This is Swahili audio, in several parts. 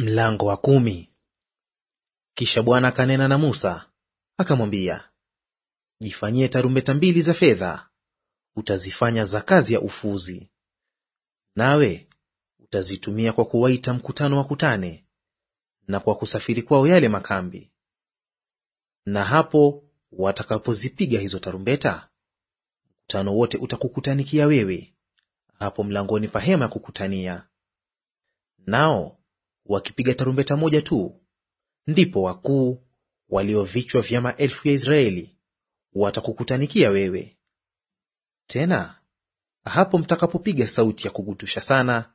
Mlango wa kumi. Kisha Bwana akanena na Musa akamwambia, jifanyie tarumbeta mbili za fedha, utazifanya za kazi ya ufuzi, nawe utazitumia kwa kuwaita mkutano wa kutane na kwa kusafiri kwao yale makambi. Na hapo watakapozipiga hizo tarumbeta, mkutano wote utakukutanikia wewe hapo mlangoni pa hema ya kukutania, nao wakipiga tarumbeta moja tu, ndipo wakuu walio vichwa vya maelfu ya Israeli watakukutanikia wewe. Tena hapo mtakapopiga sauti ya kugutusha sana,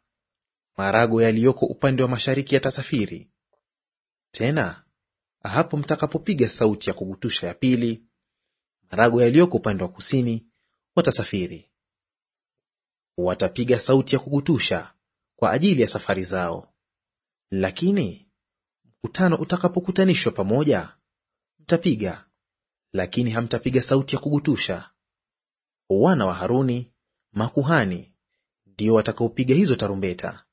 marago yaliyoko upande wa mashariki yatasafiri. Tena hapo mtakapopiga sauti ya kugutusha ya pili, marago yaliyoko upande wa kusini watasafiri. Watapiga sauti ya kugutusha kwa ajili ya safari zao. Lakini mkutano utakapokutanishwa pamoja, mtapiga, lakini hamtapiga sauti ya kugutusha. Wana wa Haruni makuhani ndio watakaopiga hizo tarumbeta,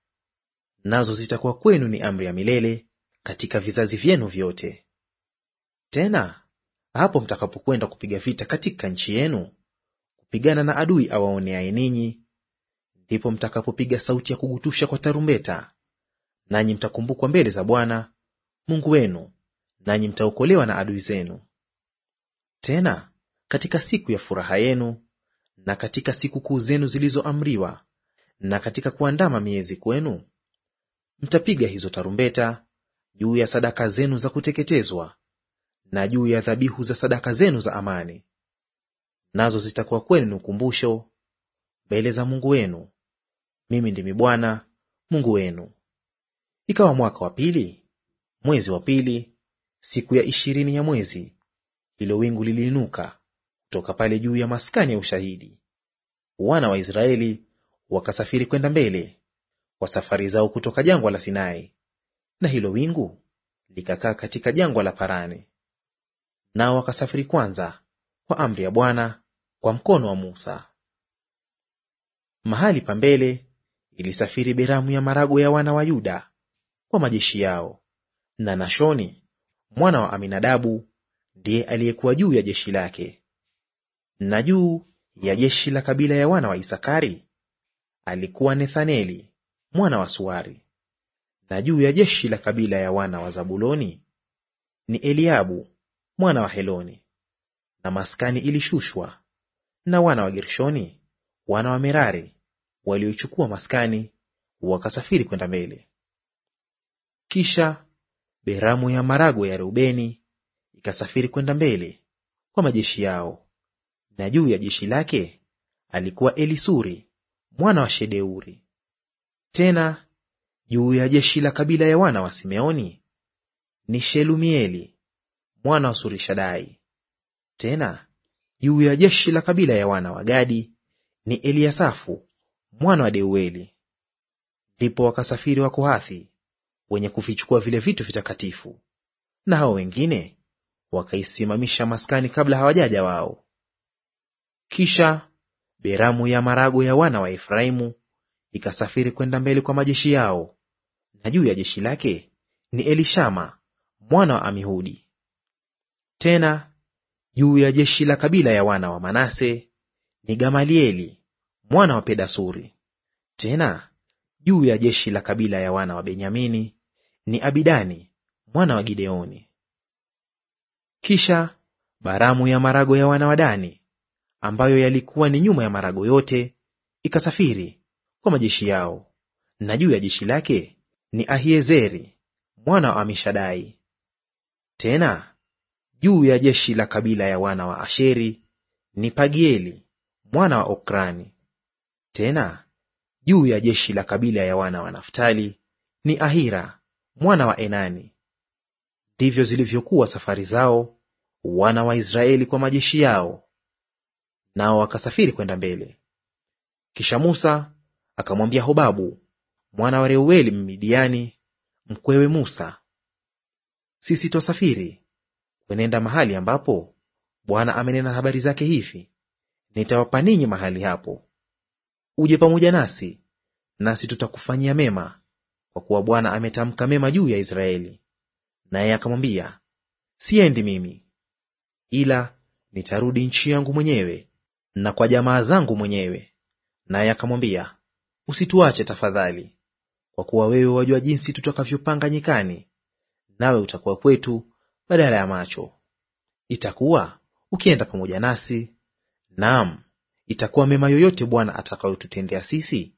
nazo zitakuwa kwenu ni amri ya milele katika vizazi vyenu vyote. Tena hapo mtakapokwenda kupiga vita katika nchi yenu, kupigana na adui awaoneaye ninyi, ndipo mtakapopiga sauti ya kugutusha kwa tarumbeta, nanyi mtakumbukwa mbele za Bwana Mungu wenu, nanyi mtaokolewa na adui zenu. Tena katika siku ya furaha yenu na katika siku kuu zenu zilizoamriwa na katika kuandama miezi kwenu, mtapiga hizo tarumbeta juu ya sadaka zenu za kuteketezwa na juu ya dhabihu za sadaka zenu za amani, nazo zitakuwa kwenu ni ukumbusho mbele za Mungu wenu. Mimi ndimi Bwana Mungu wenu. Ikawa mwaka wa pili, mwezi wa pili, siku ya ishirini ya mwezi, hilo wingu liliinuka kutoka pale juu ya maskani ya ushahidi. Wana wa Israeli wakasafiri kwenda mbele kwa safari zao kutoka jangwa la Sinai, na hilo wingu likakaa katika jangwa la Parani. Nao wakasafiri kwanza kwa amri ya Bwana kwa mkono wa Musa. Mahali pa mbele ilisafiri beramu ya marago ya wana wa Yuda wa majeshi yao, na Nashoni mwana wa Aminadabu ndiye aliyekuwa juu ya jeshi lake. Na juu ya jeshi la kabila ya wana wa Isakari alikuwa Nethaneli mwana wa Suari. Na juu ya jeshi la kabila ya wana wa Zabuloni ni Eliabu mwana wa Heloni. Na maskani ilishushwa, na wana wa Gershoni wana wa Merari walioichukua maskani wakasafiri kwenda mbele. Kisha beramu ya marago ya Reubeni ikasafiri kwenda mbele kwa majeshi yao, na juu ya jeshi lake alikuwa Elisuri mwana wa Shedeuri. Tena juu ya jeshi la kabila ya wana wa Simeoni ni Shelumieli mwana wa Surishadai. Tena juu ya jeshi la kabila ya wana wa Gadi ni Eliasafu mwana wa Deueli. Ndipo wakasafiri Wakohathi wenye kuvichukua vile vitu vitakatifu, na hao wengine wakaisimamisha maskani kabla hawajaja wao. Kisha beramu ya marago ya wana wa Efraimu ikasafiri kwenda mbele kwa majeshi yao, na juu ya jeshi lake ni Elishama mwana wa Amihudi. Tena juu ya jeshi la kabila ya wana wa Manase ni Gamalieli mwana wa Pedasuri. Tena juu ya jeshi la kabila ya wana wa Benyamini ni Abidani mwana wa Gideoni. Kisha baramu ya marago ya wana wa Dani, ambayo yalikuwa ni nyuma ya marago yote, ikasafiri kwa majeshi yao, na juu ya jeshi lake ni Ahiezeri mwana wa Amishadai. Tena juu ya jeshi la kabila ya wana wa Asheri ni Pagieli mwana wa Okrani. Tena juu ya jeshi la kabila ya wana wa Naftali ni Ahira mwana wa Enani. Ndivyo zilivyokuwa safari zao wana wa Israeli kwa majeshi yao, nao wakasafiri kwenda mbele. Kisha Musa akamwambia Hobabu mwana wa Reueli Mmidiani, mkwewe Musa, sisi twasafiri kwenenda mahali ambapo Bwana amenena habari zake hivi, nitawapa ninyi mahali hapo. Uje pamoja nasi, nasi tutakufanyia mema, kwa kuwa Bwana ametamka mema juu ya Israeli. Naye akamwambia, siendi mimi, ila nitarudi nchi yangu mwenyewe na kwa jamaa zangu mwenyewe. Naye akamwambia, usituache tafadhali, kwa kuwa wewe wajua jinsi tutakavyopanga nyikani, nawe utakuwa kwetu badala ya macho. Itakuwa ukienda pamoja nasi, naam, itakuwa mema yoyote Bwana atakayotutendea sisi,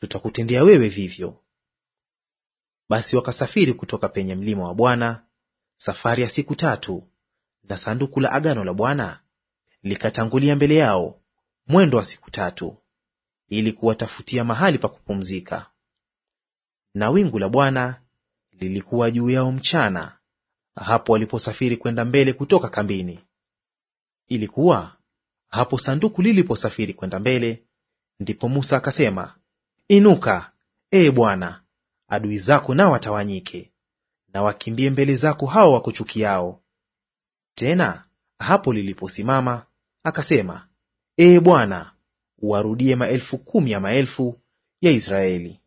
tutakutendea wewe vivyo. Basi wakasafiri kutoka penye mlima wa Bwana safari ya siku tatu, na sanduku la agano la Bwana likatangulia mbele yao mwendo wa siku tatu, ili kuwatafutia mahali pa kupumzika. Na wingu la Bwana lilikuwa juu yao mchana, hapo waliposafiri kwenda mbele kutoka kambini. Ilikuwa hapo sanduku liliposafiri kwenda mbele, ndipo Musa akasema, Inuka, ee Bwana, adui zako na watawanyike, na wakimbie mbele zako hao wakuchukiao. Tena hapo liliposimama akasema, Ee Bwana, uwarudie maelfu kumi ya maelfu ya Israeli.